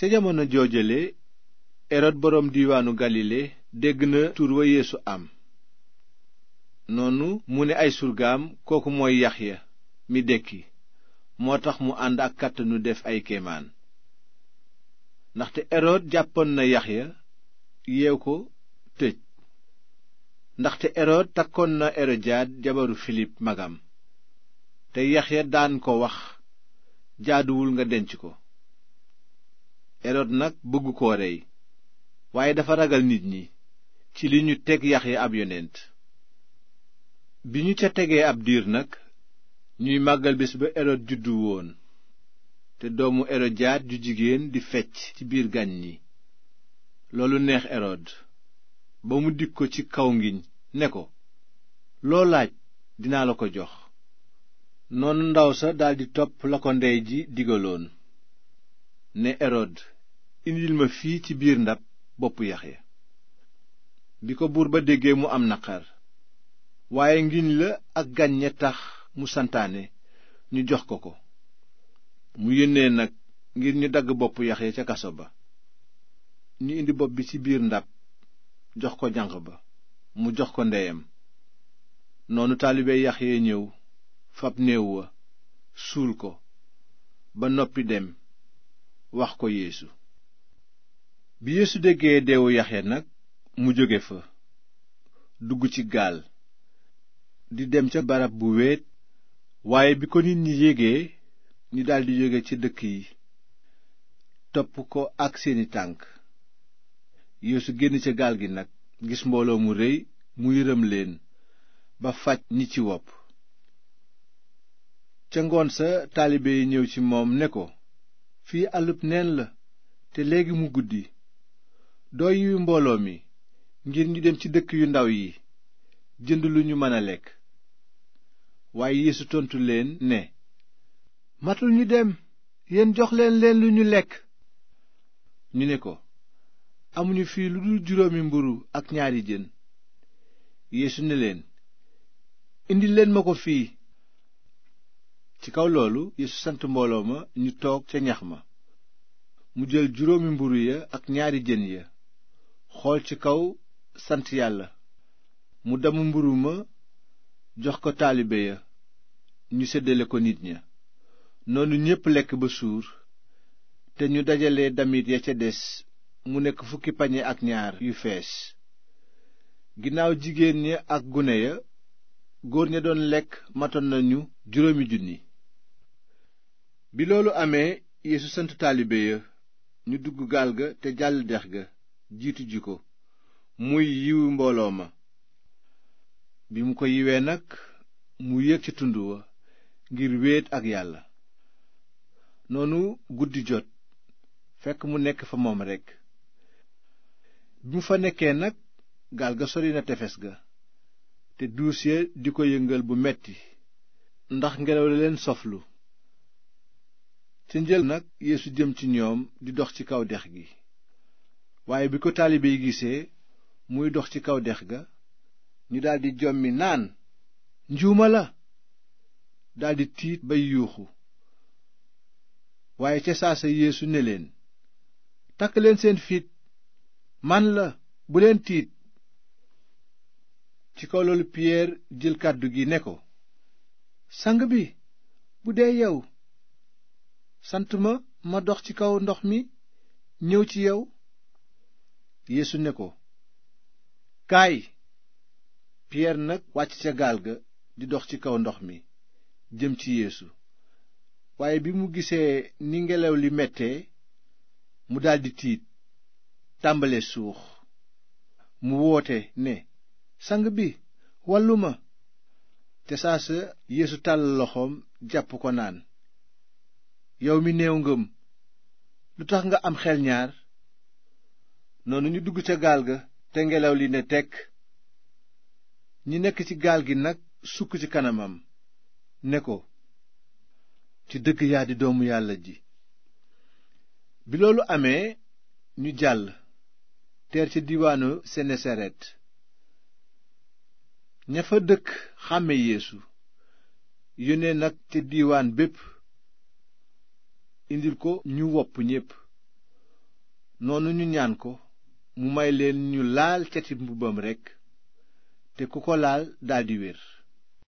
ca jamono joojale erod boroom diiwaanu galile dégg na tur wa yeesu am noonu mu ne ay surgaam kooku mooy yaxya mi dekki moo tax mu ànd ak kàttanu def ay kéemaan ndaxte erod jàppoon na ya yeew ko tëj ndaxte erod takkoon na erodiyaad jabaru filip magam te yax ya daan ko wax jaaduwul nga denc ko erod nag bëgg koo rey waaye dafa ragal nit ñi ci li ñu teg Yaxya ab yonent bi ñu ca tegee ab diir nag ñuy màggal bés ba erod juddu woon te doomu erodiyaat ju jigéen di fecc ci biir gàñ ñi loolu neex erod ba mu dig ko ci kaw ngiñ ne ko loo laaj dinaa la ko jox noonu ndaw sa daldi topp la ko ndey ji digaloon ne erod indil ma fii ci biir ndab boppu Yaxya bi ko buur ba déggee mu am naqar waaye ngin la ak gàññe tax mu santaane ñu jox ko ko mu yónnee nag ngir ñu dagg boppu Yaxya ca kaso ba ñu indi bopp bi ci biir ndab jox ko janq ba mu jox ko ndeyam noonu yax yee ñëw fab néew wa suul ko ba noppi dem wax ko yeesu bi yeesu déggee deewu yaxya nag mu jóge fa dugg ci gaal di dem ca barab bu weet waaye bi ko nit ñi yégee ñu daldi jóge ci dëkk yi topp ko ak seeni tànk yeesu génn ca gaal gi nag gis mbooloo mu rëy mu yërëm leen ba faj ni ci wopp ca ngoon sa taalibe yi ñëw ci moom né ko fii àllub neen la te léegi mu guddi doyyu mbooloo mi ngir ñu dem ci dëkk yu ndaw yi jënd lu ñu mën a lekk waaye Yeesu tontu leen ne matul ñu dem yéen jox leen leen lu ñu lekk ñu ni ko amuñu fii lu dul juróomi mburu ak ñaari jën Yeesu ne leen indi leen ma ko fii ci kaw loolu Yeesu sant mbooloo ma ñu toog ca ñax ma mu jël juróomi mburu ya ak ñaari jën ya xool ci kaw sant yàlla mu damm mburu ma jox ko taalibe ya ñu seddale ko nit ña noonu ñépp lekk ba suur te ñu dajale damit ya ca des mu nekk fukki pañe ak ñaar yu fees ginnaaw jigéen ña ak gune ya góor ña doon lekk matoon nañu juróomi junni bi loolu amee yeesu sant taalibe ya ñu dugg gaal ga te jàll dex ga jiitu ji ko muy yiwu mbooloo ma bi mu ko yiwee nag mu yéeg ci tund wa ngir wéet ak yàlla noonu guddi jot fekk mu nekk fa moom rekk bi mu fa nekkee nag gaal ga sori na tefes ga te duus ya di ko yëngal bu metti ndax ngelaw la leen soflu ca njël nag yeesu jëm ci ñoom di dox ci kaw dex gi waaye bi ko taalibe gisee muy dox ci kaw dex ga ñu daldi jommi naan njuuma la daldi tiit bay yuuxu waaye ca saasa yeesu ne leen takk leen seen fit man la bu leen tiit ci kaw loolu piyeer jël kàddu gi ne ko sang bi bu dee yow sant ma ma dox ci kaw ndox mi ñëw ci yow yéesu ne ko kaay piyeer nag wàcc ca gaal ga di dox ci kaw ndox mi jëm ci yeesu waaye bi mu gisee ni ngelaw li mettee mu daldi tiit tàmbale suux mu woote ne sang bi wàllu ma te saa sa yeesu tàll loxoom jàpp ko naan yow mi néew ngëm lu tax nga am xel ñaar noonu ñu dugg ca gaal ga te ngelaw li ne tekk ñi nekk ci gaal gi nag sukk ci kanamam ne ko ci dëgg yaa di doomu yàlla ji bi loolu amee ñu jàll ter ca diiwaanu senesaret ña fa dëkk xàmme yéesu yónnee nag ca diiwaan bépp indil ko ñu wopp ñépp noonu ñu ñaan ko mu may leen ñu laal cati mbubbam rekk te ku ko laal daldi wér